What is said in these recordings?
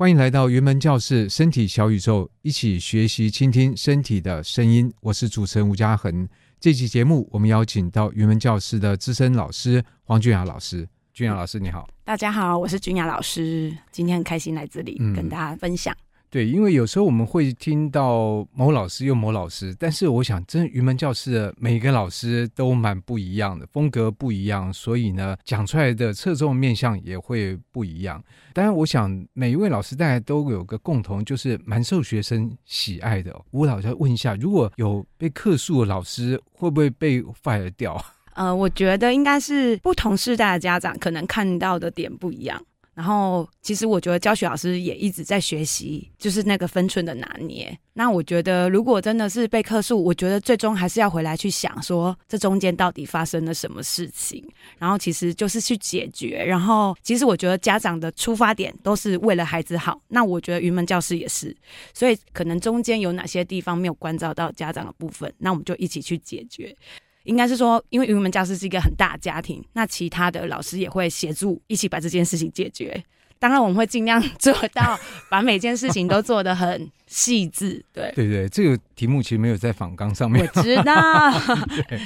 歡迎來到雲門教室，身體小宇宙，一起學習傾聽身體的聲音。我是主持人吳嘉恆。這期節目我們邀請到雲門教室的資深老師黃君雅老師。君雅老師，你好，大家好，我是君雅老師，今天很開心來這裡，嗯、跟大家分享。對，因為有時候我們會聽到某老師又某老師，但是我想真，雲門教室的每個老師都蠻不一樣的，風格不一樣，所以呢，講出來的側重面向也會不一樣。當然，我想每一位老師大家都有個共同，就是蠻受學生喜愛的、哦。吳老師，問一下，如果有被客訴的老師，會不會被 fire 掉？呃，我覺得應該是不同世代的家長可能看到的點不一樣。然後，其實我覺得教學老師也一直在學習，就是那個分寸的拿捏。那我覺得，如果真的是被客訴，我覺得最終還是要回來去想說，這中間到底發生了什麼事情。然後，其實就是去解決。然後，其實我覺得家長的出發點都是為了孩子好。那我覺得雲門教室也是，所以可能中間有哪些地方沒有關照到家長的部分，那我們就一起去解決。應該是說，因為雲門教師是一個很大家庭，那其他的老師也會協助一起把這件事情解決。當然，我們會盡量做到把每件事情都做得很細緻。對 對對，這個題目其實沒有在訪綱上面。 我知道。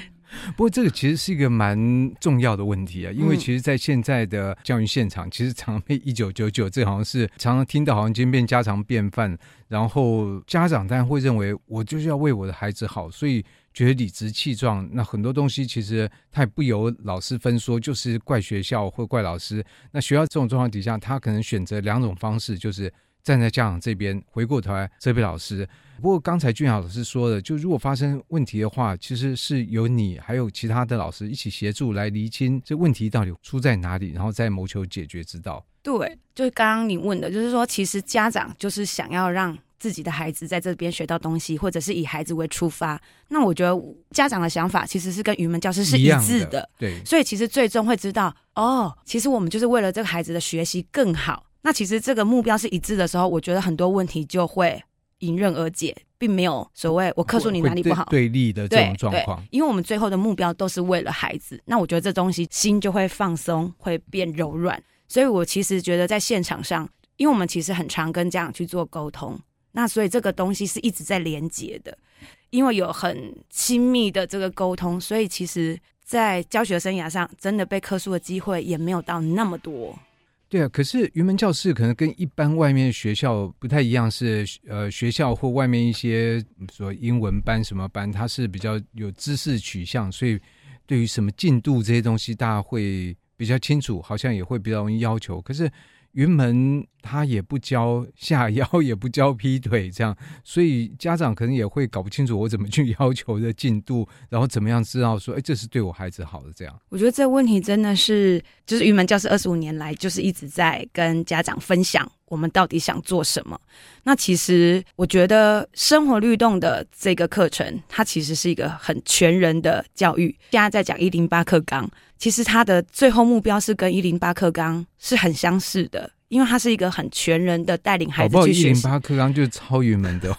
不過這個其實是一個蠻重要的問題啊，因為其實，在現在的教育現場，其實常被“一九九九”這好像是常常聽到，好像今天變家常便飯。然後家長當然會認為，我就是要為我的孩子好，所以覺得理直氣壯。那很多東西其實他也不由老師分說，就是怪學校或怪老師。那學校這種狀況底下，他可能選擇兩種方式，就是站在家長這邊，回過頭來責備老師。不過剛才俊豪老師說的，就如果發生問題的話，其實是由你還有其他的老師一起協助來釐清這問題到底出在哪裡，然後再謀求解決之道。對，就是剛剛你問的，就是說，其實家長就是想要讓自己的孩子在這邊學到東西，或者是以孩子為出發。那我覺得家長的想法其實是跟雲門教室是一致的，的對。所以其實最終會知道，哦，其實我們就是為了這個孩子的學習更好。那其實這個目標是一致的時候，我覺得很多問題就會，迎刃而解，並沒有所謂我客訴你哪裡不好對立的這種狀況，因為我們最後的目標都是為了孩子。那我覺得這東西心就會放鬆，會變柔軟。所以我其實覺得在現場上，因為我們其實很常跟家長去做溝通，那所以這個東西是一直在連接的。因為有很親密的這個溝通，所以其實在教學生涯上，真的被客訴的機會也沒有到那麼多。對啊，可是雲門教室可能跟一般外面學校不太一樣，是呃學校或外面一些說英文班什麼班，它是比較有知識取向，所以對於什麼進度這些東西，大家會比較清楚，好像也會比較容易要求。可是雲門。他也不教下腰，也不教劈腿。這樣，所以家長可能也會搞不清楚我怎麼去要求的進度，然後怎麼樣知道說，哎，這是對我孩子好的這樣。我覺得這個問題真的是，就是雲門教室二十五年來就是一直在跟家長分享，我們到底想做什麼。那其實我覺得生活律動的這個課程，它其實是一個很全人的教育。現在在講一零八課綱，其實它的最後目標是跟一零八課綱是很相似的。因為他是一個很全人的帶領孩子去學習，108課綱就是抄雲門的。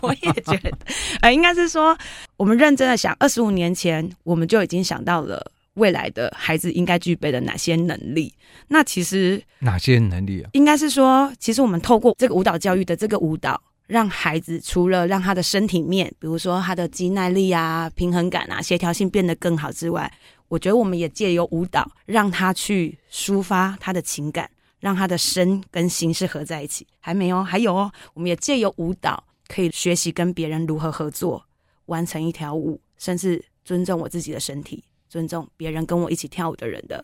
我也覺得，呃，應該是說，我們認真的想，二十五年前我們就已經想到了未來的孩子應該具備的哪些能力。那其實哪些能力啊？應該是說，其實我們透過這個舞蹈教育的這個舞蹈，讓孩子除了讓他的身體面，比如說他的肌耐力啊、平衡感啊、協調性變得更好之外，我覺得我們也借由舞蹈讓他去抒發他的情感。讓他的身跟心是合在一起，還沒有哦。還有哦，我們也借由舞蹈可以學習跟別人如何合作完成一條舞，甚至尊重我自己的身體，尊重別人跟我一起跳舞的人的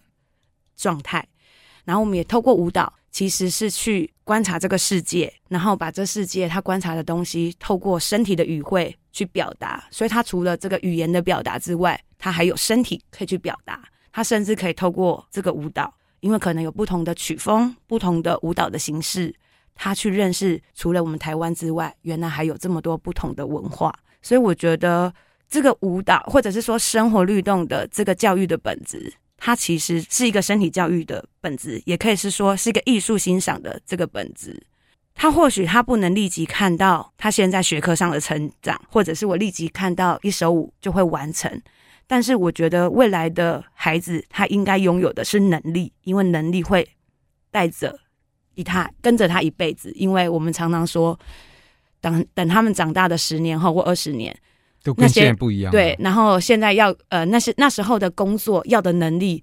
狀態。然後我們也透過舞蹈，其實是去觀察這個世界，然後把這世界他觀察的東西，透過身體的語彙去表達。所以，他除了這個語言的表達之外，他還有身體可以去表達，他甚至可以透過這個舞蹈。因為可能有不同的曲風、不同的舞蹈的形式，他去認識除了我們台灣之外，原來還有這麼多不同的文化。所以我覺得這個舞蹈，或者是說生活律動的這個教育的本質，它其實是一個身體教育的本質，也可以是說是一個藝術欣賞的這個本質。他或許他不能立即看到他現在學科上的成長，或者是我立即看到一首舞就會完成。但是我覺得未來的孩子他應該擁有的是能力，因為能力會帶着他跟着他一輩子。因為我們常常說，等等他們長大的十年後或二十年，都跟現在不一樣。對，然後現在要呃那些那時候的工作要的能力，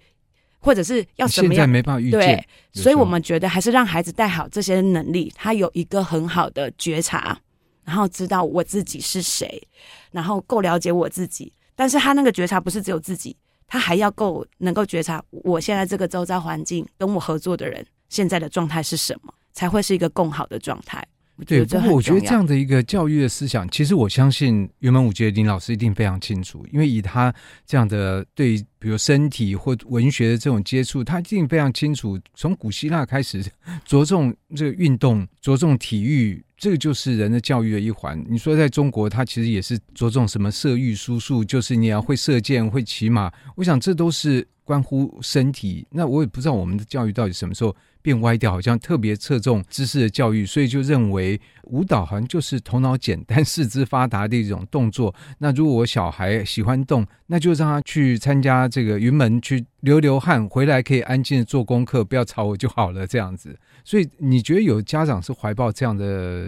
或者是要什麼樣？對，現在沒辦法預見。所以，我們覺得還是讓孩子帶好這些能力，他有一個很好的覺察，然後知道我自己是誰，然後夠了解我自己。但是他那個覺察不是只有自己，他還要夠能夠覺察我現在這個周遭環境，跟我合作的人現在的狀態是什麼，才會是一個更好的狀態。對，不過我覺得這樣的一個教育的思想，其實我相信，原本我覺得林老師一定非常清楚，因為以他這樣的對於比如身體或文學的這種接觸，他一定非常清楚，從古希臘開始着重這個運動，着重體育。這個就是人的教育的一環。你說在中國，他其實也是着重什麼射御書數，就是你要會射箭、會騎馬。我想這都是關乎身體。那我也不知道我們的教育到底什麼時候。變歪掉，好像特別側重知識的教育，所以就認為舞蹈好像就是頭腦簡單、四肢發達的一種動作。那如果我小孩喜歡動，那就讓他去參加這個雲門，去流流汗，回來可以安靜地做功課，不要吵我就好了，這樣子。所以你覺得有家長是懷抱這樣的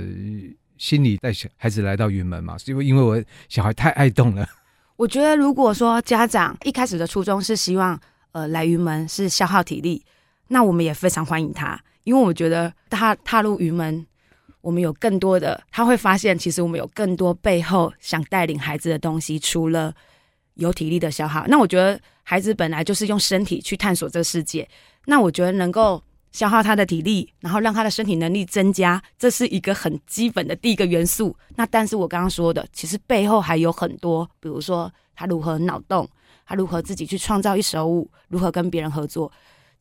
心理帶小孩子來到雲門嗎？是因為因為我小孩太愛動了。我覺得如果說家長一開始的初衷是希望呃來雲門是消耗體力。那我們也非常歡迎他，因為我覺得他踏入雲門，我們有更多的他會發現，其實我們有更多背後想帶領孩子的東西。除了有體力的消耗，那我覺得孩子本來就是用身體去探索這個世界。那我覺得能夠消耗他的體力，然後讓他的身體能力增加，這是一個很基本的第一個元素。那但是我剛剛說的，其實背後還有很多，比如說他如何腦洞，他如何自己去創造一首舞，如何跟別人合作。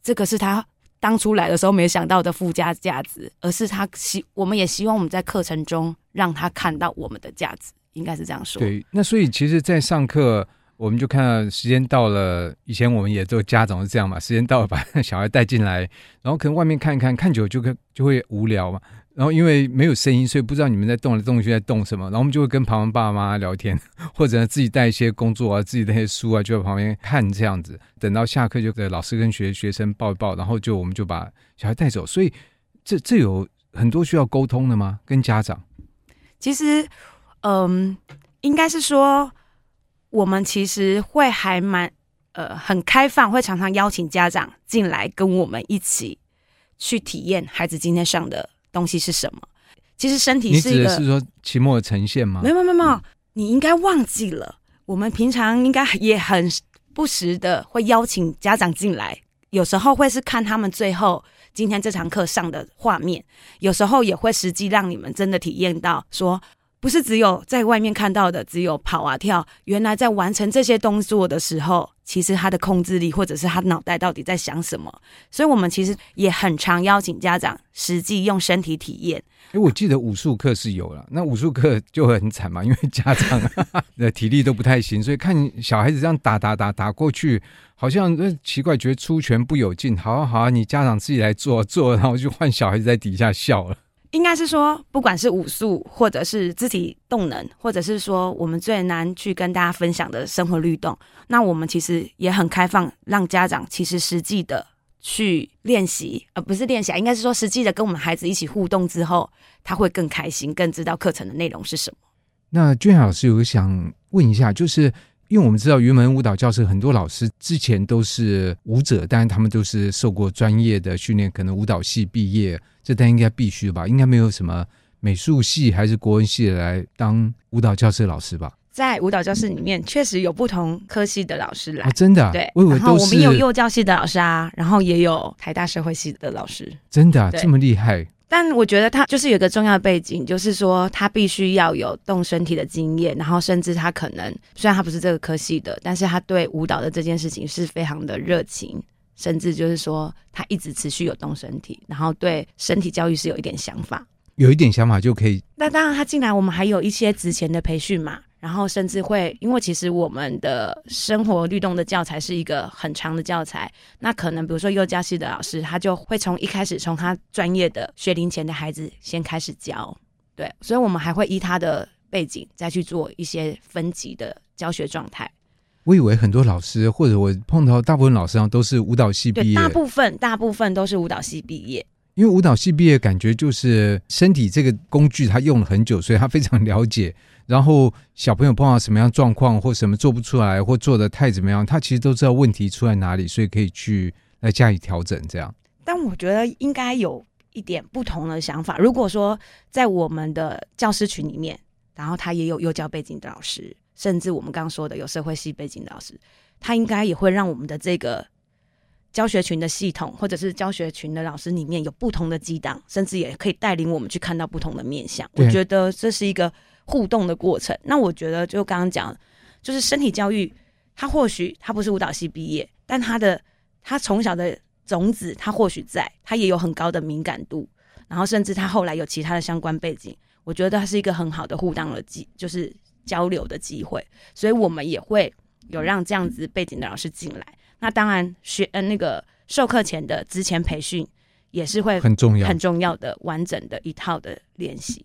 這個是他當初來的時候沒想到的附加價值，而是他希，我們也希望我們在課程中讓他看到我們的價值，應該是這樣說。對，那所以其實，在上課，我們就看到時間到了，以前我們也做家長是這樣嘛，時間到了把小孩帶進來，然後可能外面看一看，看久就就就會無聊嘛。然後因為沒有聲音，所以不知道你們在動來動去在動什麼。然後我們就會跟旁邊爸爸媽媽聊天，或者呢自己帶一些工作啊，自己帶些書啊，就在旁邊看這樣子。等到下課，就給老師跟學學生抱一抱，然後就我們就把小孩帶走。所以，這這有很多需要溝通的嗎？跟家長？其實，嗯、呃，應該是說，我們其實會還蠻呃很開放，會常常邀請家長進來跟我們一起去體驗孩子今天上的。東西是什麼？其實身體你是說期末呈現嗎？沒有沒有沒有，你應該忘記了。我們平常應該也很不時的會邀請家長進來，有時候會是看他們最後今天這堂課上的畫面，有時候也會實際讓你們真的體驗到，說不是只有在外面看到的，只有跑啊跳，原來在完成這些動作的時候。其實他的控制力，或者是他的腦袋到底在想什麼？所以，我們其實也很常邀請家長實際用身體體驗。哎，我記得武術課是有了，那武術課就很慘嘛，因為家長的體力都不太行， 所以看小孩子這樣打打打打過去，好像奇怪，覺得出拳不有勁。好啊，好啊，你家長自己來做做，然後就換小孩子在底下笑了。應該是說，不管是武術，或者是肢體動能，或者是說我們最難去跟大家分享的生活律動，那我們其實也很開放，讓家長其實實際的去練習，而不是練習，應該是說實際的跟我們孩子一起互動之後，他會更開心，更知道課程的內容是什麼。那君老師我想問一下，就是。因為我們知道雲門舞蹈教室很多老師之前都是舞者，但他們都是受過專業的訓練，可能舞蹈系畢業，這但應該必須吧？應該沒有什麼美術系還是國文系來當舞蹈教室老師吧？在舞蹈教室裡面，確實有不同科系的老師來，啊、真的、啊、對。我然後我們有幼教系的老師啊，然後也有台大社會系的老師，真的、啊、對這麼厲害。但我覺得他就是有個重要的背景，就是說他必須要有動身體的經驗，然後甚至他可能雖然他不是這個科系的，但是他對舞蹈的這件事情是非常的熱情，甚至就是說他一直持續有動身體，然後對身體教育是有一點想法，有一點想法就可以。那當然，他進來我們還有一些職前的培訓嘛。然後甚至會，因為其實我們的生活律動的教材是一個很長的教材，那可能比如說幼教系的老師，他就會從一開始從他專業的學齡前的孩子先開始教，對，所以我們還會依他的背景再去做一些分級的教學狀態。我以為很多老師或者我碰到大部分老師啊，都是舞蹈系畢業，對，大部分大部分都是舞蹈系畢業，因為舞蹈系畢業感覺就是身體這個工具他用了很久，所以他非常了解。然後小朋友碰到什麼樣狀況，或什麼做不出來，或做的太怎麼樣，他其實都知道問題出在哪裡，所以可以去來加以調整。這樣，但我覺得應該有一點不同的想法。如果說在我們的教師群裡面，然後他也有幼教背景的老師，甚至我們剛剛說的有社會系背景的老師，他應該也會讓我們的這個教學群的系統，或者是教學群的老師裡面有不同的激盪，甚至也可以帶領我們去看到不同的面向。對我覺得這是一個。互動的過程，那我覺得就剛剛講，就是身體教育，他或許他不是舞蹈系畢業，但他的他從小的種子，他或許在，他也有很高的敏感度，然後甚至他後來有其他的相關背景，我覺得他是一個很好的互動的機，就是交流的機會，所以我們也會有讓這樣子背景的老師進來。那當然學嗯、呃、那個授課前的之前培訓也是會很重要，很重要的完整的一套的練習。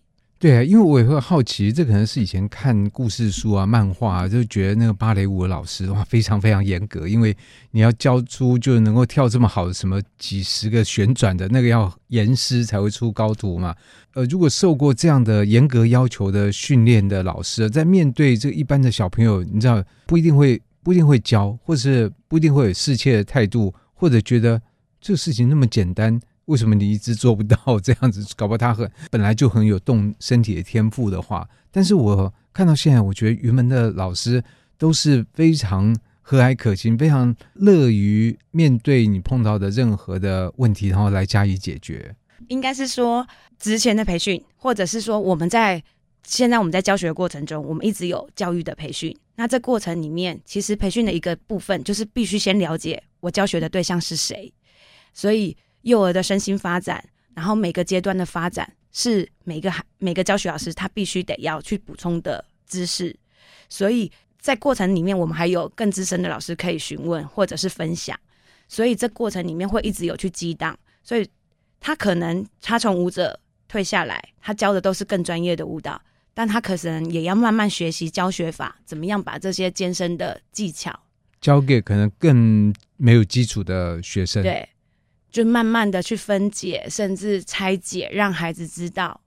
對啊，因為我也會好奇，這可能是以前看故事書啊、漫畫、啊，就覺得那個芭蕾舞的老師哇，非常非常嚴格，因為你要教出就是能夠跳這麼好的，的什麼幾十個旋轉的那個，要嚴師才會出高徒嘛。呃，如果受過這樣的嚴格要求的訓練的老師，在面對這一般的小朋友，你知道不一定會不一定會教，或是不一定會有適切的態度，或者覺得這事情那麼簡單。為什麼你一直做不到這樣子？搞不好他很本來就很有動身體的天賦的話，但是我看到現在，我覺得雲門的老師都是非常和藹可親，非常樂於面對你碰到的任何的問題，然後來加以解決。應該是說之前的培訓，或者是說我們在現在我們在教學的過程中，我們一直有教育的培訓。那這過程裡面，其實培訓的一個部分就是必須先了解我教學的對象是誰，所以。幼兒的身心發展，然後每個階段的發展是每個孩每個教學老師他必須得要去補充的知識，所以在過程裡面我們還有更資深的老師可以詢問或者是分享，所以這過程裡面會一直有去激盪。所以他可能他從舞者退下來，他教的都是更專業的舞蹈，但他可能也要慢慢學習教學法，怎麼樣把這些艱深的技巧教給可能更沒有基礎的學生。對。就慢慢的去分解，甚至拆解，讓孩子知道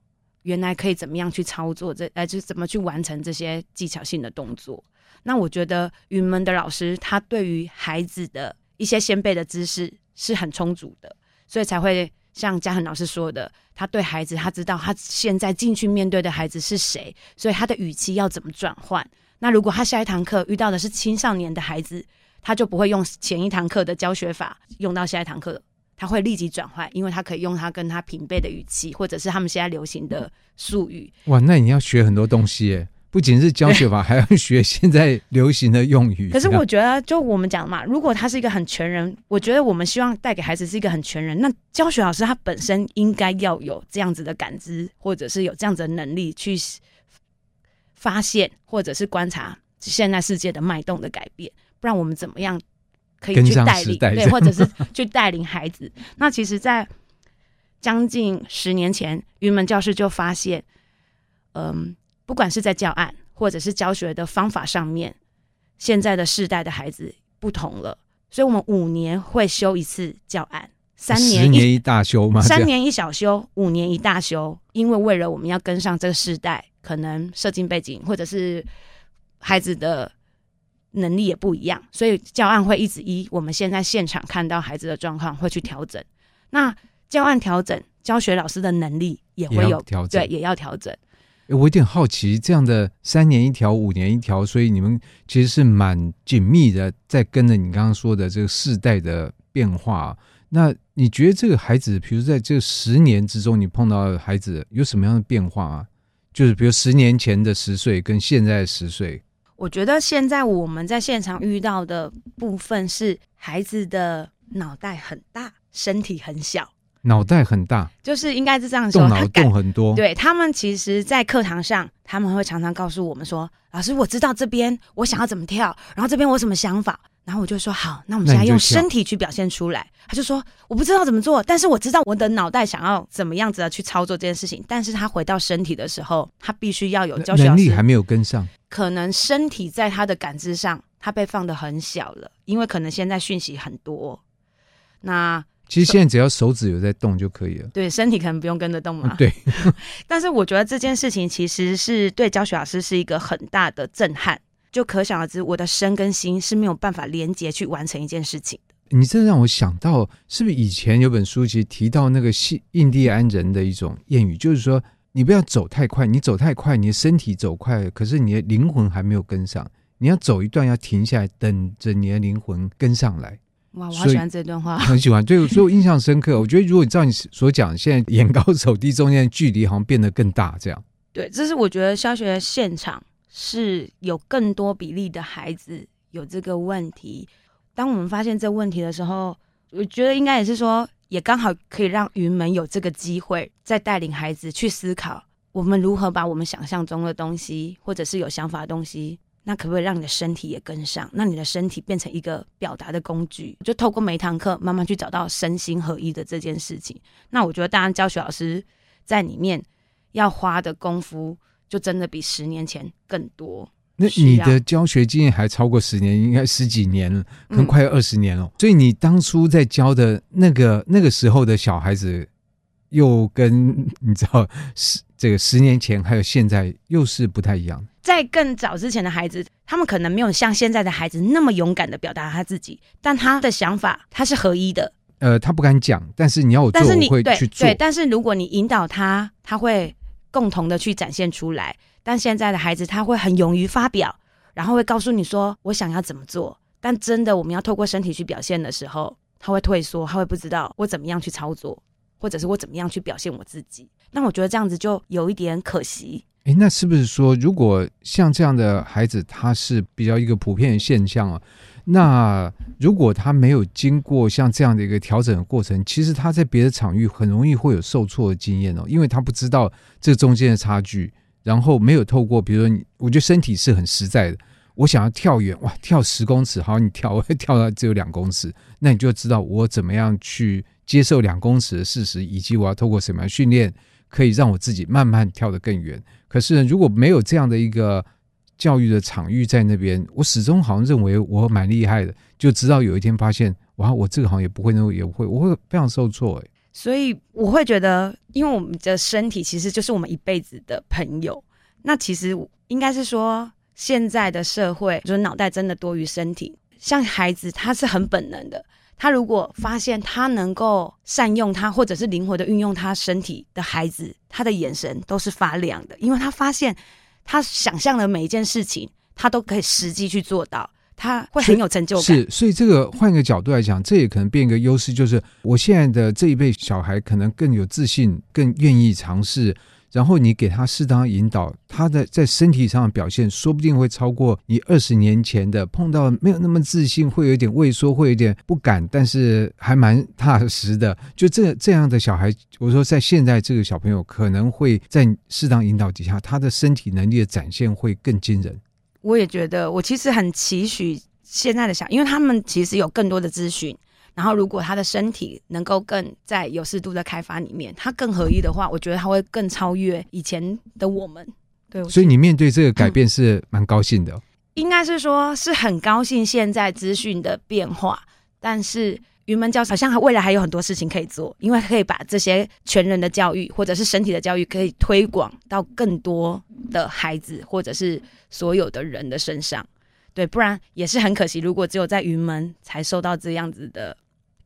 原來可以怎麼樣去操作這，這呃，就怎麼去完成這些技巧性的動作。那我覺得雲門的老師，他對於孩子的一些先備的知識是很充足的，所以才會像嘉恆老師說的，他對孩子，他知道他現在進去面對的孩子是誰，所以他的語氣要怎麼轉換。那如果他下一堂課遇到的是青少年的孩子，他就不會用前一堂課的教學法用到下一堂課。他會立即轉換，因為他可以用他跟他平輩的語氣，或者是他們現在流行的術語。哇，那你要學很多東西耶，不僅是教學法，對還要學現在流行的用語。可是我覺得，就我們講嘛，如果他是一個很全人，我覺得我們希望帶給孩子是一個很全人。那教學老師他本身應該要有這樣子的感知，或者是有這樣子的能力去發現，或者是觀察現在世界的脈動的改變，不然我們怎麼樣？可以去帶領，是是對，或者是去帶領孩子。 那其實，在將近十年前，雲門教室就發現，嗯，不管是在教案或者是教學的方法上面，現在的世代的孩子不同了。所以，我們五年會修一次教案，三年一年一大修嘛，三年一小修，五年一大修。因為為了我們要跟上這個世代，可能社經背景或者是孩子的。能力也不一樣，所以教案會一直以我們現在現場看到孩子的狀況會去調整。那教案調整，教學老師的能力也會有調整，對，也要調整。欸，我有點好奇，這樣的三年一條，五年一條，所以你們其實是蠻緊密的在跟著你剛剛說的這個世代的變化。那你覺得這個孩子，比如在這十年之中，你碰到的孩子有什麼樣的變化啊？就是比如十年前的十歲跟現在的十歲。我覺得現在我們在現場遇到的部分是孩子的腦袋很大，身體很小，腦袋很大，就是應該是這樣說，腦洞很多。他對他們，其實，在課堂上，他們會常常告訴我們說：“老師，我知道這邊我想要怎麼跳，然後這邊我有什麼想法。”然後我就說好，那我們現在用身體去表現出來，就他就說我不知道怎麼做，但是我知道我的腦袋想要怎麼樣子的去操作這件事情。但是他回到身體的時候，他必須要有教學能力，還沒有跟上，可能身體在他的感知上，他被放得很小了，因為可能現在訊息很多。那其實現在只要手指有在動就可以了。對，身體可能不用跟着動嘛。嗯、對， 但是我覺得這件事情其實是對教學老師是一個很大的震撼。就可想而知，我的身跟心是沒有辦法連接去完成一件事情的。你這讓我想到，是不是以前有本書籍提到那個印第安人的一種諺語，就是說你不要走太快，你走太快，你的身體走快，可是你的靈魂還沒有跟上，你要走一段要停下來，等着你的靈魂跟上來。哇，我好喜歡這段話，很喜歡。對，所以我印象深刻。 我覺得，如果照你所講，現在眼高手低中間的距離好像變得更大，這樣。對，這是我覺得小學現場，是有更多比例的孩子有這個問題。當我們發現這問題的時候，我覺得應該也是說，也剛好可以讓雲門有這個機會，再帶領孩子去思考，我們如何把我們想象中的東西，或者是有想法的東西，那可不可以讓你的身體也跟上？那你的身體變成一個表達的工具，就透過每一堂課慢慢去找到身心合一的這件事情。那我覺得，當然教學老師在裡面要花的功夫就真的比十年前更多。那你的教學經驗還超過十年，應該十幾年了，可能快二十年了。嗯。所以你當初在教的那個那個時候的小孩子，又跟你知道十這個十年前還有現在又是不太一樣。在更早之前的孩子，他們可能沒有像現在的孩子那麼勇敢的表達他自己，但他的想法他是合一的。呃，他不敢講，但是你要，做你會去做。對。對，但是如果你引導他，他會。共同的去展現出來，但現在的孩子，他會很勇於發表，然後會告訴你說我想要怎麼做。但真的我們要透過身體去表現的時候，他會退縮，他會不知道我怎麼樣去操作，或者是我怎麼樣去表現我自己。那我覺得這樣子就有一點可惜。誒，那是不是說如果像這樣的孩子，他是比較一個普遍的現象啊？那如果他沒有經過像這樣的一個調整的過程，其實他在別的場域很容易會有受挫的經驗哦，因為他不知道這個中間的差距，然後沒有透過，比如說，你我覺得身體是很實在的，我想要跳遠，哇，跳十公尺，好，你跳，我跳到只有兩公尺，那你就知道我怎麼樣去接受兩公尺的事實，以及我要透過什麼樣訓練可以讓我自己慢慢跳得更遠。可是呢，如果沒有這樣的一個，教育的場域在那邊，我始終好像認為我蠻厲害的，就直到有一天發現，哇，我這個好像也不會，那我也不會，我會非常受挫，欸，哎。所以我會覺得，因為我們的身體其實就是我們一輩子的朋友。那其實應該是說，現在的社會就是腦袋真的多於身體。像孩子，他是很本能的，他如果發現他能夠善用他，或者是靈活的運用他身體的孩子，他的眼神都是發亮的，因為他發現。他想象的每一件事情，他都可以實際去做到，他會很有成就感。是，是，所以這個換一個角度來講，這也可能變一個優勢，就是我現在的這一輩小孩可能更有自信，更願意嘗試。然後你給他適當的引導，他的在身體上的表現說不定會超過你二十年前的。碰到沒有那麼自信，會有點畏縮，會有點不敢，但是還蠻踏實的。就這這樣的小孩，我說在現在這個小朋友可能會在適當引導底下，他的身體能力的展現會更驚人。我也覺得，我其實很期許現在的小，因為他們其實有更多的資訊。然後，如果他的身體能夠更在有適度的開發裡面，他更合一的話，我覺得他會更超越以前的我們。對，所以你面對這個改變是蠻高興的、哦嗯，應該是說是很高興現在資訊的變化。但是雲門教室好像未來還有很多事情可以做，因為可以把這些全人的教育或者是身體的教育可以推廣到更多的孩子或者是所有的人的身上。對，不然也是很可惜，如果只有在雲門才受到這樣子的。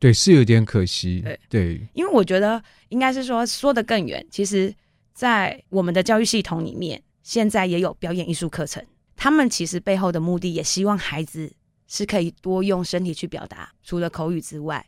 對，是有點可惜。對對，對，因為我覺得應該是說說得更遠，其實，在我們的教育系統裡面，現在也有表演藝術課程，他們其實背後的目的也希望孩子是可以多用身體去表達，除了口語之外，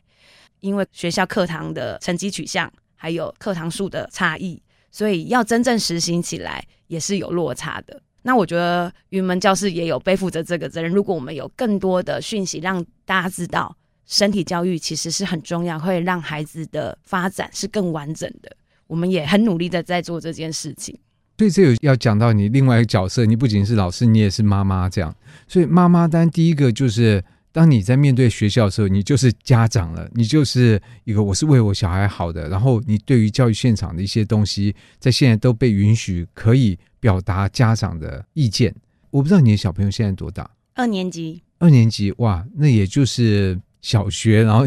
因為學校課堂的成績取向還有課堂數的差異，所以要真正實行起來也是有落差的。那我覺得雲門教室也有背負着這個責任，如果我們有更多的訊息讓大家知道。身體教育其實是很重要，會讓孩子的發展是更完整的。我們也很努力的在做這件事情。所以，這有要講到你另外一個角色，你不僅是老師，你也是媽媽這樣。所以，媽媽，當然第一個就是，當你在面對學校的時候，你就是家長了，你就是一個我是為我小孩好的。然後，你對於教育現場的一些東西，在現在都被允許可以表達家長的意見。我不知道你的小朋友現在多大？二年級。二年級，哇，那也就是。小學，然後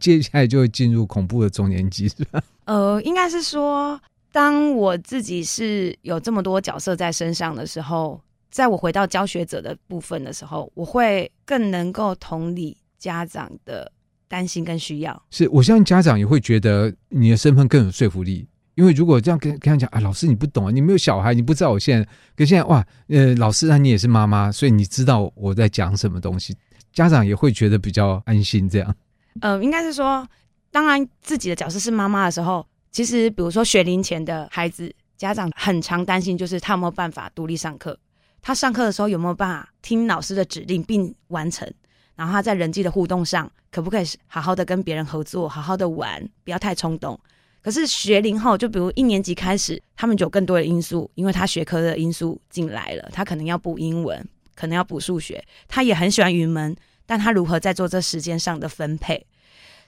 接下來就會進入恐怖的中年級，是吧？呃，應該是說，當我自己是有這麼多角色在身上的時候，在我回到教學者的部分的時候，我會更能夠同理家長的擔心跟需要。是，我相信家長也會覺得你的身份更有說服力，因為如果這樣跟跟他講啊，老師你不懂啊，你沒有小孩，你不知道我現在可現在哇，呃，老師那，啊，你也是媽媽，所以你知道我在講什麼東西。家長也會覺得比較安心，這樣。嗯、呃，應該是說，當然自己的角色是媽媽的時候，其實比如說學齡前的孩子，家長很常擔心，就是他有沒有辦法獨立上課，他上課的時候有沒有辦法聽老師的指令並完成，然後他在人際的互動上，可不可以好好的跟別人合作，好好的玩，不要太衝動。可是學齡後，就比如一年級開始，他們就有更多的因素，因為他學科的因素進來了，他可能要補英文，可能要補數學，他也很喜歡雲門，但他如何在做這時間上的分配？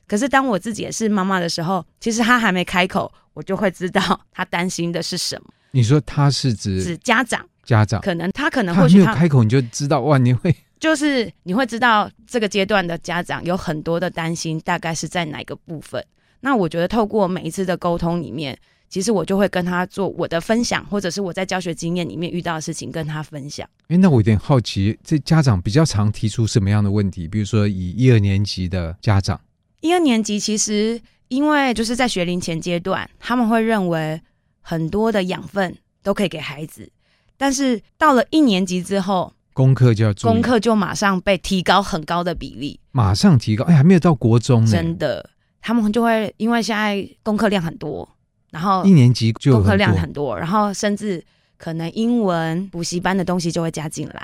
可是當我自己也是媽媽的時候，其實他還沒開口，我就會知道他擔心的是什麼。你說他是指指家長？家長可能他可能或許他，他沒有開口你就知道，哇，你會就是你會知道這個階段的家長有很多的擔心，大概是在哪個部分？那我覺得透過每一次的溝通裡面。其實我就會跟他做我的分享，或者是我在教學經驗裡面遇到的事情跟他分享。哎、欸，那我有點好奇，這家長比較常提出什麼樣的問題？比如說，以一二年級的家長，一二年級其實因為就是在學齡前階段，他們會認為很多的養分都可以給孩子，但是到了一年級之後，功課就要做，功課就馬上被提高很高的比例，馬上提高。哎，還沒有到國中呢，真的，他們就會因為現在功課量很多。然後一年級就功課量很多，然後甚至可能英文補習班的東西就會加進來。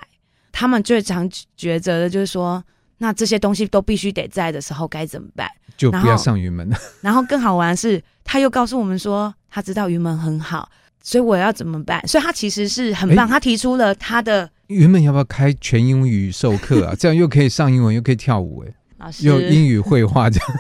他們最常抉擇的就是說，那這些東西都必須得在的時候該怎麼辦？就不要上雲門了。然後，然後更好玩是，他又告訴我們說，他知道雲門很好，所以我要怎麼辦？所以他其實是很棒，誒他提出了他的雲門要不要開全英語授課啊？ 這樣又可以上英文，又可以跳舞，哎老師，用英語繪畫這樣。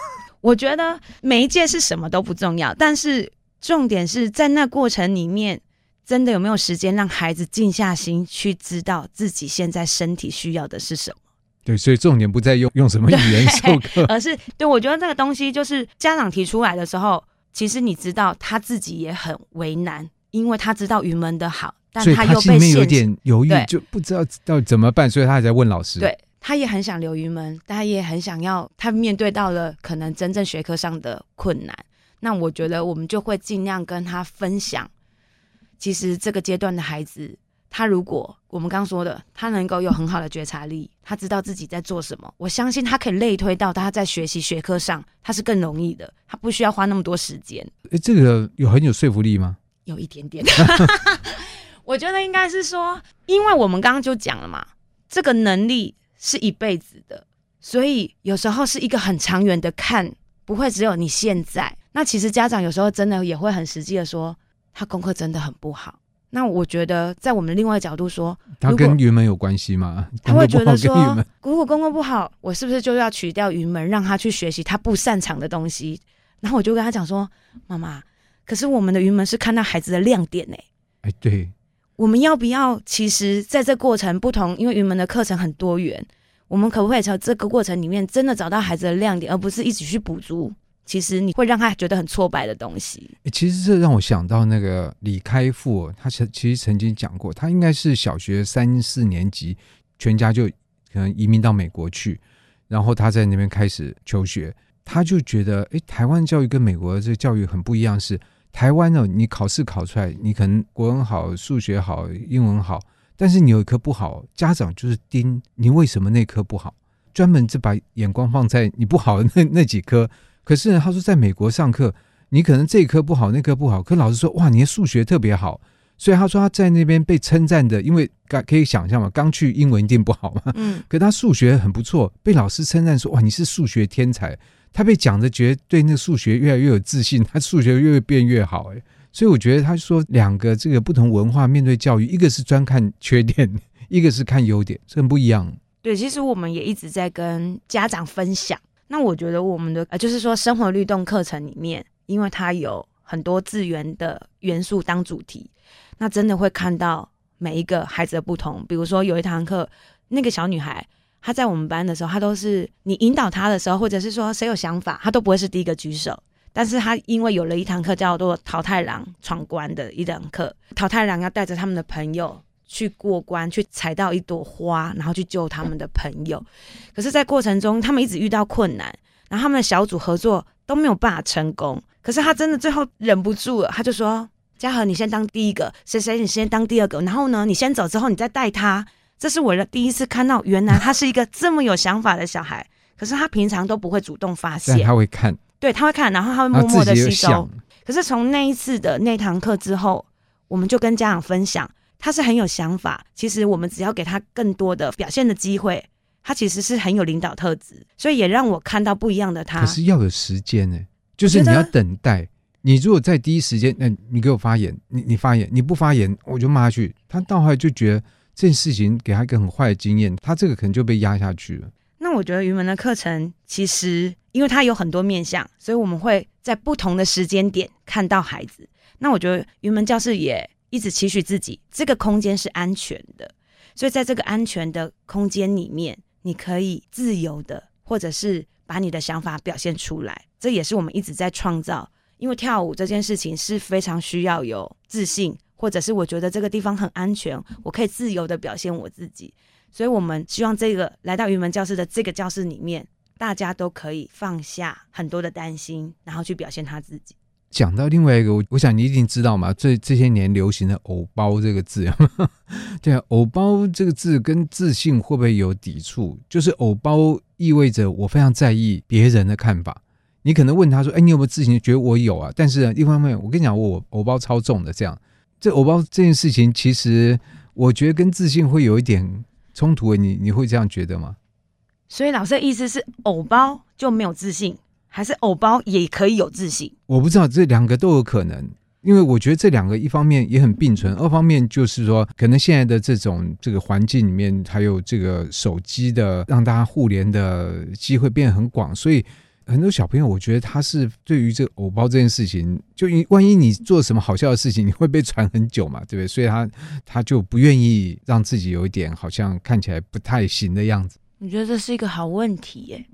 我覺得每一屆是什麼都不重要，但是。重點是在那過程裡面，真的有沒有時間讓孩子靜下心去知道自己現在身體需要的是什麼？對，所以重點不在用用什麼語言授課，而是對，我覺得這個東西就是家長提出來的時候，其實你知道他自己也很為難，因為他知道雲門的好，但他又被他面有點猶豫，對就不知道要怎麼辦，所以他還在問老師。對，他也很想留雲門，但也很想要他面對到了可能真正學科上的困難。那我覺得我們就會盡量跟他分享，其實這個階段的孩子，他如果我們剛說的，他能夠有很好的覺察力，他知道自己在做什麼，我相信他可以類推到他在學習學科上，他是更容易的，他不需要花那麼多時間。誒，這個有很有說服力嗎？有一點點。 我覺得應該是說，因為我們剛剛就講了嘛，這個能力是一輩子的，所以有時候是一個很長遠的看，不會只有你現在。那其實家長有時候真的也會很實際的說，他功課真的很不好。那我覺得，在我們另外一個角度說，他，說他跟雲門有關係嗎？他會覺得說，如果功課不好，我是不是就要取掉雲門，讓他去學習他不擅長的東西？然後我就跟他講說，媽媽，可是我們的雲門是看到孩子的亮點誒、欸。哎，對，我們要不要？其實，在這過程不同，因為雲門的課程很多元，我們可不可以從這個過程裡面真的找到孩子的亮點，而不是一直去補足？其實你會讓他覺得很挫敗的東西。其實這讓我想到那個李開復，他曾其實曾經講過，他應該是小學三四年級，全家就可能移民到美國去，然後他在那邊開始求學，他就覺得，哎，台灣教育跟美國的這個教育很不一樣，是台灣哦，你考試考出來，你可能國文好，數學好，英文好，但是你有一科不好，家長就是盯你，為什麼那科不好，專門就把眼光放在你不好的那那幾科。可是呢，他說，在美國上課，你可能這科不好，那科不好。可老師說哇，你的數學特別好，所以他說他在那邊被稱讚的，因為可以想象嘛，剛去英文一定不好嘛，嗯。可他數學很不錯，被老師稱讚說，哇，你是數學天才。他被講的覺得對那個數學越來越有自信，他數學越、越變越好。哎，所以我覺得他說兩個這個不同文化面對教育，一個是專看缺點，一個是看優點，是很不一樣。對，其實我們也一直在跟家長分享。那我覺得我們的呃，就是說生活律動課程裡面，因為它有很多資源的元素當主題，那真的會看到每一個孩子的不同。比如說有一堂課，那個小女孩她在我們班的時候，她都是你引導她的時候，或者是說誰有想法，她都不會是第一個舉手。但是她因為有了一堂課叫做《桃太郎闖關》的一堂課，桃太郎要帶着他們的朋友去過關，去採到一朵花，然後去救他們的朋友。可是，在過程中，他們一直遇到困難，然後他們的小組合作都沒有辦法成功。可是他真的最後忍不住了，他就說：“嘉禾，你先當第一個；誰誰，你先當第二個。然後呢，你先走之後，你再帶他。”這是我的第一次看到，原來他是一個這麼有想法的小孩。可是他平常都不會主動發現，他會看，對，他會看，然後他會默默的吸收。可是從那一次的那堂課之後，我們就跟家長分享。他是很有想法，其實我們只要給他更多的表現的機會，他其實是很有領導特質，所以也讓我看到不一樣的他。可是要有時間呢、欸，就是你要等待。你如果在第一時間，那、欸、你給我發言，你你發言，你不發言，我就罵他去。他到後來就覺得這件事情給他一個很壞的經驗，他這個可能就被壓下去了。那我覺得雲門的課程其實，因為他有很多面向，所以我們會在不同的時間點看到孩子。那我覺得雲門教室也。一直期許自己，這個空間是安全的，所以在這個安全的空間裡面，你可以自由的，或者是把你的想法表現出來。這也是我們一直在創造，因為跳舞這件事情是非常需要有自信，或者是我覺得這個地方很安全，我可以自由的表現我自己。所以我們希望這個來到雲門教室的這個教室裡面，大家都可以放下很多的擔心，然後去表現他自己。講到另外一個，我我想你一定知道嘛。這這些年流行的“偶包”這個字，呵呵對啊，“偶包”這個字跟自信會不會有抵觸？就是“偶包”意味着我非常在意別人的看法。你可能問他說：“哎，你有沒有自信？覺得我有啊？”但是呢，一方面，我跟你講，我“偶包”超重的。這樣，這“偶包”這件事情，其實我覺得跟自信會有一點衝突。你你會這樣覺得嗎？所以老師的意思是，偶包就沒有自信。還是偶包也可以有自信？我不知道，這兩個都有可能，因為我覺得這兩個一方面也很並存，二方面就是說，可能現在的這種這個環境裡面，還有這個手機的讓大家互聯的機會變得很廣，所以很多小朋友，我覺得他是對於這個偶包這件事情，就萬一你做什麼好笑的事情，你會被傳很久嘛，對不對？所以他他就不願意讓自己有一點好像看起來不太行的樣子。你覺得這是一個好問題耶、欸。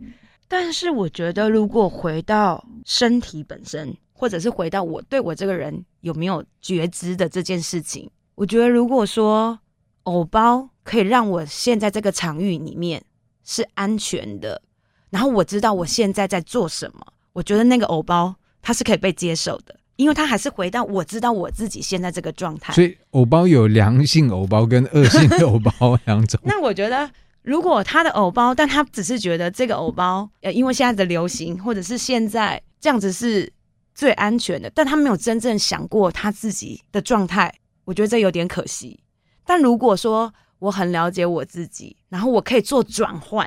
但是我覺得，如果回到身體本身，或者是回到我對我這個人有沒有覺知的這件事情，我覺得如果說偶包可以讓我現在這個場域裡面是安全的，然後我知道我現在在做什麼，我覺得那個偶包它是可以被接受的，因為它還是回到我知道我自己現在這個狀態。所以偶包有良性偶包跟惡性偶包兩 種。 那我覺得。如果他的偶包，但他只是覺得這個偶包，呃，因為現在的流行，或者是現在這樣子是最安全的，但他沒有真正想過他自己的狀態，我覺得這有點可惜。但如果說我很了解我自己，然後我可以做轉換，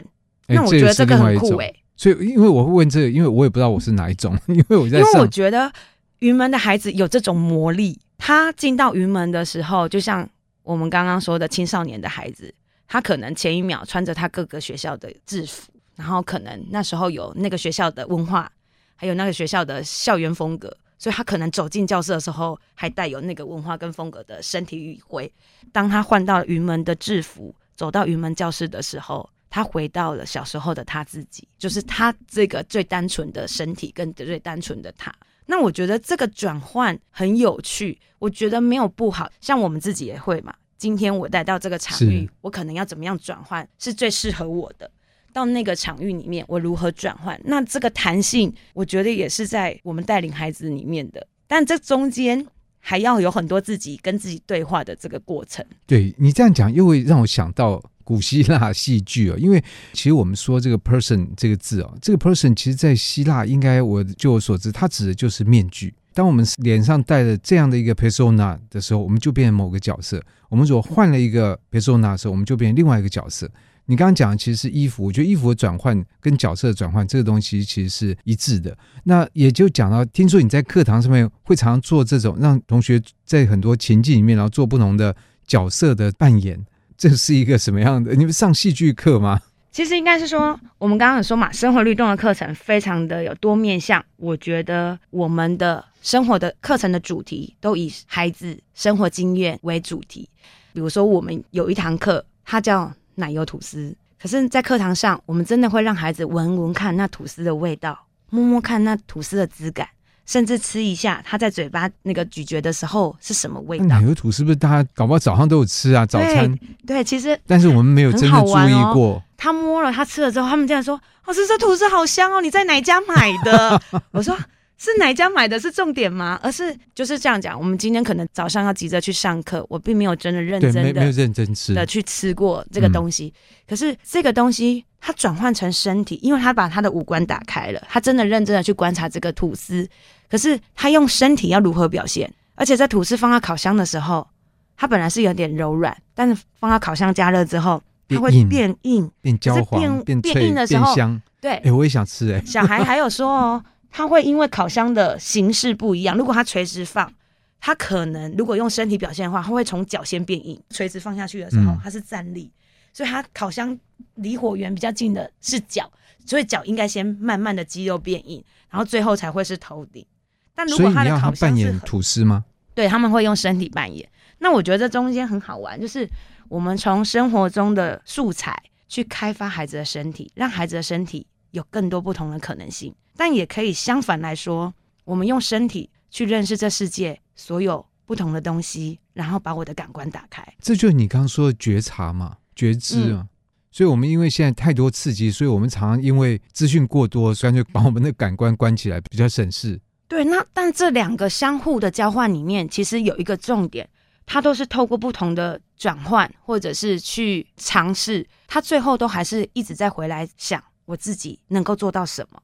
欸、那我覺得這個很酷、欸。哎、欸，所以因為我會問這個，因為我也不知道我是哪一種，因為我在想，因為我覺得雲門的孩子有這種魔力，他進到雲門的時候，就像我們剛剛說的青少年的孩子。他可能前一秒穿着他各個學校的制服，然後可能那時候有那個學校的文化，還有那個學校的校園風格，所以他可能走進教室的時候還帶有那個文化跟風格的身體語彙。當他換到雲門的制服，走到雲門教室的時候，他回到了小時候的他自己，就是他這個最單純的身體跟最單純的他。那我覺得這個轉換很有趣，我覺得沒有不好，像我們自己也會嘛。今天我帶到這個場域，是我可能要怎麼樣轉換是最適合我的？到那個場域裡面，我如何轉換？那這個彈性，我覺得也是在我們帶領孩子裡面的。但這中間還要有很多自己跟自己對話的這個過程。對，你這樣講，又會讓我想到古希臘戲劇啊。因為其實我們說這個 person 這個字啊、哦，這個 person 其實，在希臘應該我據我所知，它指的就是面具。當我們臉上戴著這樣的一個 persona 的時候，我們就變成某個角色；我們如果換了一個 persona 的時候，我們就變成另外一個角色。你剛剛講的其實是衣服，我覺得衣服的轉換跟角色的轉換這個東西其實是一致的。那也就講到，聽說你在課堂上面會常常做這種讓同學在很多情境裡面，然後做不同的角色的扮演，這是一個什麼樣的？你們上戲劇課嗎？其實應該是說，我們剛剛有說嘛，生活律動的課程非常的有多面向，我覺得我們的。生活的課程的主題都以孩子生活經驗為主題，比如說我們有一堂課，它叫奶油吐司。可是，在課堂上，我們真的會讓孩子聞聞看那吐司的味道，摸摸看那吐司的質感，甚至吃一下，他在嘴巴那個咀嚼的時候是什麼味道。奶油吐司不是大家搞不好早上都有吃啊？對早餐對，其實但是我們沒有真的注意過。他摸了，他吃了之後，他們這樣說：“老師，哦，這吐司好香哦！你在哪家買的？” 我說。是哪家買的是重點嗎？而是就是這樣講，我們今天可能早上要急着去上課，我並沒有真的認真的，認真吃的去吃過這個東西。嗯、可是這個東西它轉換成身體，因為他把他的五官打開了，他真的認真的去觀察這個吐司。可是他用身體要如何表現？而且在吐司放到烤箱的時候，它本來是有點柔軟，但是放到烤箱加熱之後，它會變硬、變焦硬黃、變變，脆變硬的時候香。對、欸，我也想吃、欸、小孩還有說哦。 他會因為烤箱的形式不一樣，如果它垂直放，它可能如果用身體表現的話，他會從腳先變硬。垂直放下去的時候，他是站立，嗯，所以它烤箱離火源比較近的是腳，所以腳應該先慢慢的肌肉變硬，然後最後才會是頭頂。但如果他的烤要他扮演吐司嗎？對，他們會用身體扮演。那我覺得這中間很好玩，就是我們從生活中的素材去開發孩子的身體，讓孩子的身體有更多不同的可能性。但也可以相反來說，我們用身體去認識這世界所有不同的東西，然後把我的感官打開，這就是你剛剛說的覺察嘛，覺知啊。嗯，所以，我們因為現在太多刺激，所以我們常常因為資訊過多，雖然就把我們的感官關起來比較省事。對，那但這兩個相互的交換裡面，其實有一個重點，它都是透過不同的轉換，或者是去嘗試，它最後都還是一直在回來想我自己能夠做到什麼。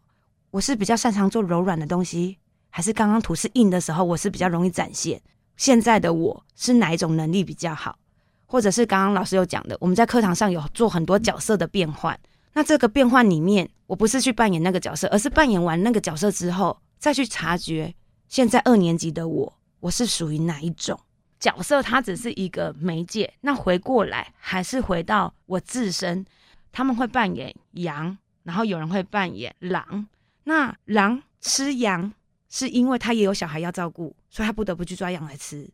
我是比較擅長做柔軟的東西，還是剛剛圖是硬的時候，我是比較容易展現現在的我是哪一種能力比較好？或者是剛剛老師有講的，我們在課堂上有做很多角色的變換，那這個變換裡面，我不是去扮演那個角色，而是扮演完那個角色之後，再去察覺現在二年級的我，我是屬於哪一種角色？它只是一個媒介，那回過來還是回到我自身，他們會扮演羊，然後有人會扮演狼。那狼吃羊，是因為他也有小孩要照顧，所以他不得不去抓羊來吃。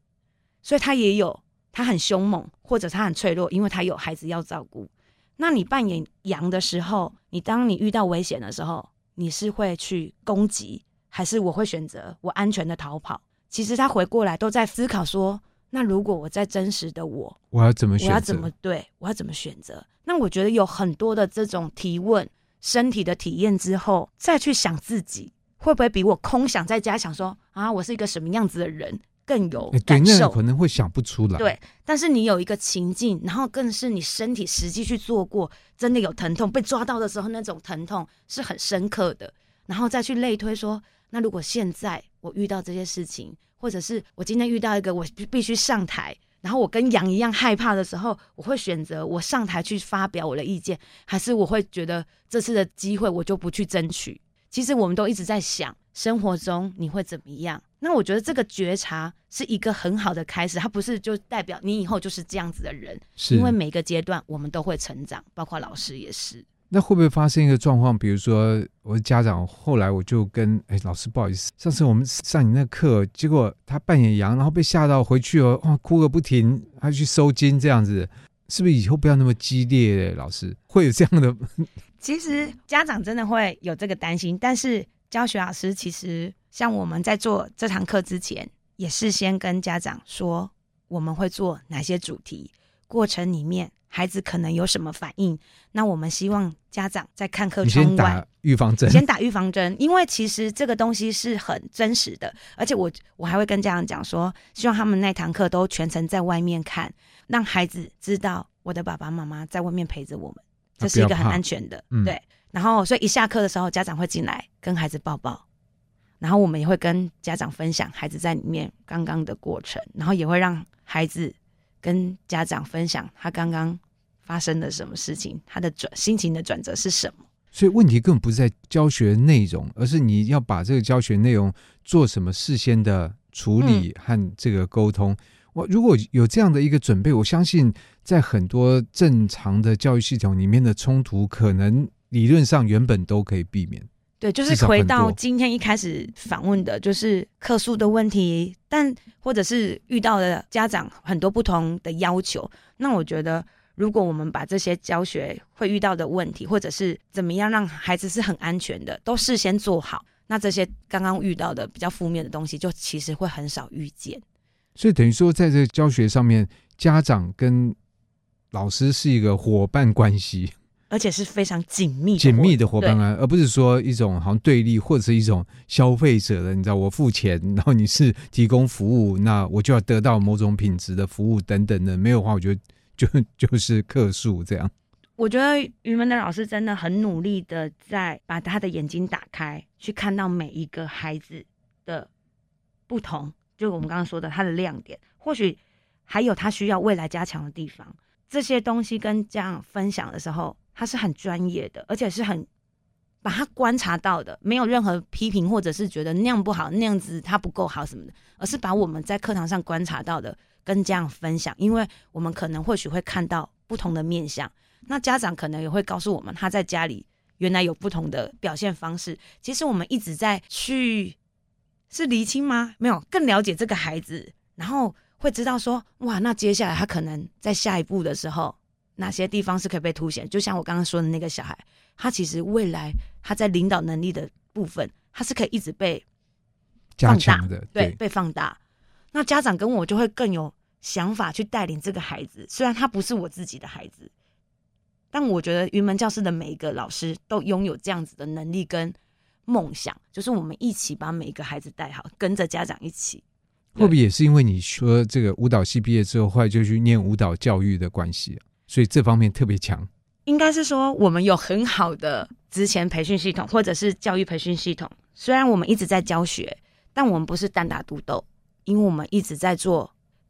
所以他也有，他很兇猛，或者他很脆弱，因為他有孩子要照顧。那你扮演羊的時候，你當你遇到危險的時候，你是會去攻擊，還是我會選擇我安全的逃跑？其實他回過來都在思考說：那如果我在真實的我，我要怎麼選擇？我要怎麼？對，我要怎麼選擇？那我覺得有很多的這種提問。身體的體驗之後，再去想自己會不會比我空想在家想說，啊，我是一個什麼樣子的人更有感受、欸、對，那有可能會想不出來。對，但是你有一個情境，然後更是你身體實際去做過，真的有疼痛被抓到的時候，那種疼痛是很深刻的。然後再去類推說，那如果現在我遇到這些事情，或者是我今天遇到一個我必須上台，然後我跟羊一樣害怕的時候，我會選擇我上台去發表我的意見，還是我會覺得這次的機會我就不去爭取？其實我們都一直在想生活中你會怎麼樣？那我覺得這個覺察是一個很好的開始，它不是就代表你以後就是這樣子的人，是因為每個階段我們都會成長，包括老師也是。那會不會發生一個狀況？比如說，我的家長後來我就跟哎老師不好意思，上次我們上你那課，結果他扮演羊，然後被嚇到回去了，哇、哦，哭個不停，還去收驚這樣子，是不是以後不要那麼激烈？老師會有這樣的？其實家長真的會有這個擔心，但是教學老師其實像我們在做這堂課之前，也事先跟家長說我們會做哪些主題，過程裡面，孩子可能有什麼反應？那我們希望家長在看課之外，預防針先打預防針，因為其實這個東西是很真實的。而且我我還會跟家長講說，希望他們那堂課都全程在外面看，讓孩子知道我的爸爸媽媽在外面陪着我們，這是一個很安全的。嗯、對，然後所以一下課的時候，家長會進來跟孩子抱抱，然後我們也會跟家長分享孩子在裡面剛剛的過程，然後也會讓孩子跟家長分享他剛剛，發生了什麼事情？他的轉心情的轉折是什麼？所以問題根本不是在教學內容，而是你要把這個教學內容做什麼事先的處理和這個溝通。嗯、我如果有這樣的一個準備，我相信在很多正常的教育系統裡面的衝突，可能理論上原本都可以避免。對，就是回到今天一開始訪問的，嗯、就是客訴的問題，但或者是遇到了家長很多不同的要求，那我覺得。如果我們把這些教學會遇到的問題，或者是怎麼樣讓孩子是很安全的，都事先做好，那這些剛剛遇到的比較負面的東西，就其實會很少遇見。所以等於說，在這教學上面，家長跟老師是一個伙伴關係，而且是非常緊密緊密的伙伴關係，對而不是說一種好像對立或者是一種消費者的，你知道我付錢，然後你是提供服務，那我就要得到某種品質的服務等等的，沒有話，我覺得。就就是課數這樣，我覺得雲門的老師真的很努力的在把他的眼睛打開，去看到每一個孩子的不同，就我們剛剛說的他的亮點，或許還有他需要未來加強的地方。這些東西跟家長分享的時候，他是很專業的，而且是很。把他觀察到的，沒有任何批評，或者是覺得那樣不好，那樣子他不夠好什麼的，而是把我們在課堂上觀察到的跟家長分享，因為我們可能或許會看到不同的面向，那家長可能也會告訴我們他在家裡原來有不同的表現方式，其實我們一直在去，是釐清嗎？沒有，更了解這個孩子，然後會知道說哇，那接下來他可能在下一步的時候。哪些地方是可以被凸顯？就像我剛剛說的那個小孩，他其實未來他在領導能力的部分，他是可以一直被放大加強的，對，對，被放大。那家長跟我就會更有想法去帶領這個孩子。雖然他不是我自己的孩子，但我覺得雲門教室的每一個老師都擁有這樣子的能力跟夢想，就是我們一起把每一個孩子帶好，跟着家長一起。會不會也是因為你說這個舞蹈系畢業之後，後來就去念舞蹈教育的關係啊？所以這方面特別強，應該是說我們有很好的職前培訓系統或者是教育培訓系統。雖然我們一直在教學，但我們不是單打獨鬥，因為我們一直在做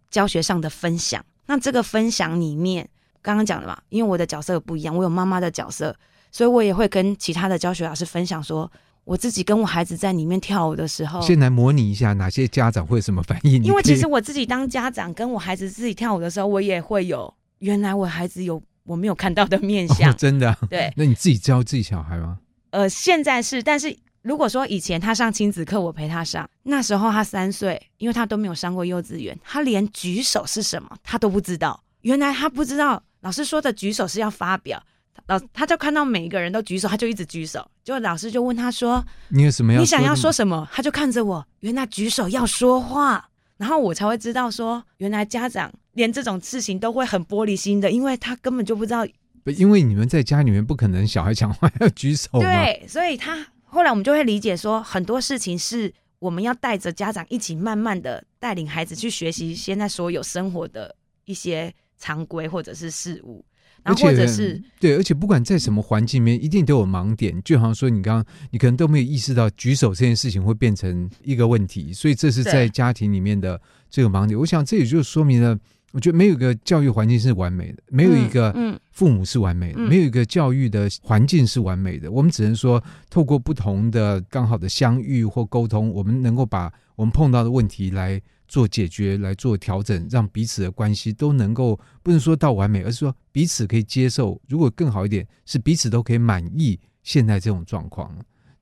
教學上的分享。那這個分享裡面，剛剛講了嘛？因為我的角色不一樣，我有媽媽的角色，所以我也會跟其他的教學老師分享說，說我自己跟我孩子在裡面跳舞的時候，先來模擬一下哪些家長會什麼反應。因為其實我自己當家長跟我孩子自己跳舞的時候，我也會有。原來我孩子有我沒有看到的面相，哦，真的啊？對，那你自己教自己小孩嗎？呃，現在是，但是如果說以前他上親子課，我陪他上，那時候他三歲，因為他都沒有上過幼稚園，他連舉手是什麼他都不知道。原來他不知道老師說的舉手是要發表，老他，他就看到每一個人都舉手，他就一直舉手，就老師就問他說：“你有什麼？你想要說什麼？”他就看着我，原來舉手要說話，然後我才會知道說，原來家長。連這種事情都會很玻璃心的，因為他根本就不知道。不，因為你們在家裡面不可能小孩講話要舉手。對，所以他後來我們就會理解說，很多事情是我們要帶着家長一起慢慢的帶領孩子去學習現在所有生活的一些常規或者是事物。然後或者是，對，而且不管在什麼環境裡面，一定都有盲點。就好像說你剛剛，你剛剛你可能都沒有意識到舉手這件事情會變成一個問題，所以這是在家庭裡面的這個盲點。對。我想這也就說明了。我覺得沒有一個教育環境是完美的，沒有一個父母是完美的，沒有一個教育的環境是完美的。嗯嗯、我們只能說，透過不同的剛好的相遇或溝通，我們能夠把我們碰到的問題來做解決、來做調整，讓彼此的關係都能夠，不能說到完美，而是說彼此可以接受。如果更好一點，是彼此都可以滿意現在這種狀況。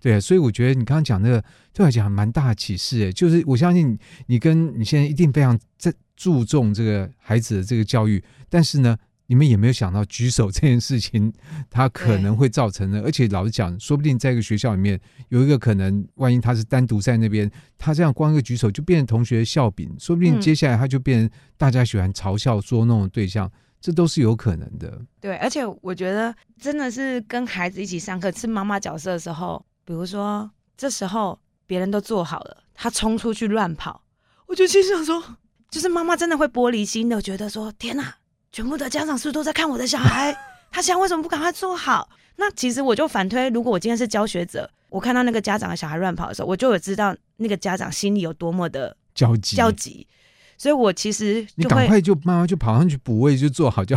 對、啊，所以我覺得你剛剛講那個對我、啊、講還蠻大的啟示誒。就是我相信你跟你現在一定非常在注重這個孩子的這個教育，但是呢，你們也沒有想到舉手這件事情，它可能會造成的。對而且老實講，說不定在一個學校裡面有一個可能，萬一他是單獨在那邊，他這樣光一個舉手就變成同學笑柄，說不定接下來他就變成大家喜歡嘲笑捉弄的對象，嗯、這都是有可能的。對，而且我覺得真的是跟孩子一起上課是媽媽角色的時候。比如說，這時候別人都坐好了，他衝出去亂跑，我就心想說， 就是媽媽真的會玻璃心的，覺得說天哪，啊，全部的家長是不是都在看我的小孩？他想為什麼不趕快坐好？ 那其實我就反推，如果我今天是教學者，我看到那個家長的小孩亂跑的時候，我就有知道那個家長心裡有多麼的焦急。焦急所以我其實你趕快就媽媽就跑上去補位就坐好就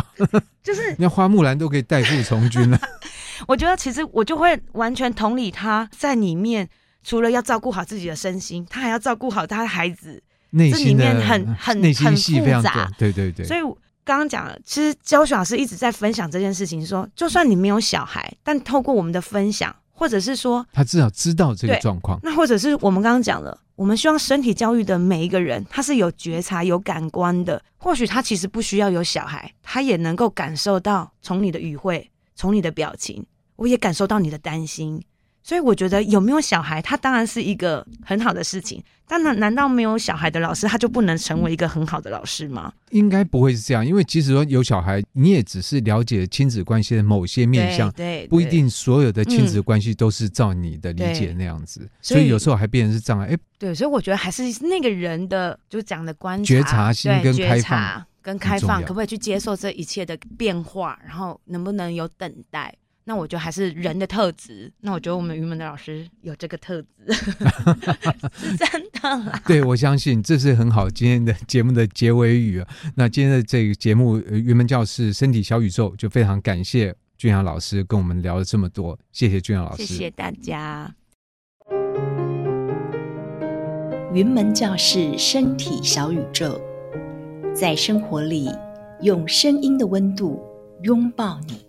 就是那花木蘭都可以代父從軍了。 我覺得其實我就會完全同理她，在裡面除了要照顧好自己的身心，她還要照顧好她的孩子，內心這裡面很很內心戲非常很複雜對。對對對。所以剛剛講了，其實君雅老師一直在分享這件事情說，說就算你沒有小孩，但透過我們的分享，或者是說他至少知道這個狀況。那或者是我們剛剛講了。我們希望身體教育的每一個人，他是有覺察、有感官的。或許他其實不需要有小孩，他也能夠感受到從你的語彙、從你的表情，我也感受到你的擔心。所以我覺得有沒有小孩，他當然是一個很好的事情。但難難道沒有小孩的老師，他就不能成為一個很好的老師嗎？應該不會是這樣，因為即使說有小孩，你也只是了解親子關係的某些面向，對，對對，不一定所有的親子關係都是照你的理解那樣子。嗯、所以有時候還變成是障礙。哎、欸，對，所以我覺得還是那個人的，就講的觀察覺察心跟開放，覺察跟開放，可不可以去接受這一切的變化，然後能不能有等待？那我覺得還是人的特質。那我覺得我們雲門的老師有這個特質，哈， 真的。對，我相信這是很好。今天的節目的結尾語。那今天的這個節目呃，《雲門教室：身體小宇宙》就非常感謝君雅老師跟我們聊了這麼多，謝謝君雅老師，謝謝大家。雲門教室：身體小宇宙，在生活裡用聲音的溫度擁抱你。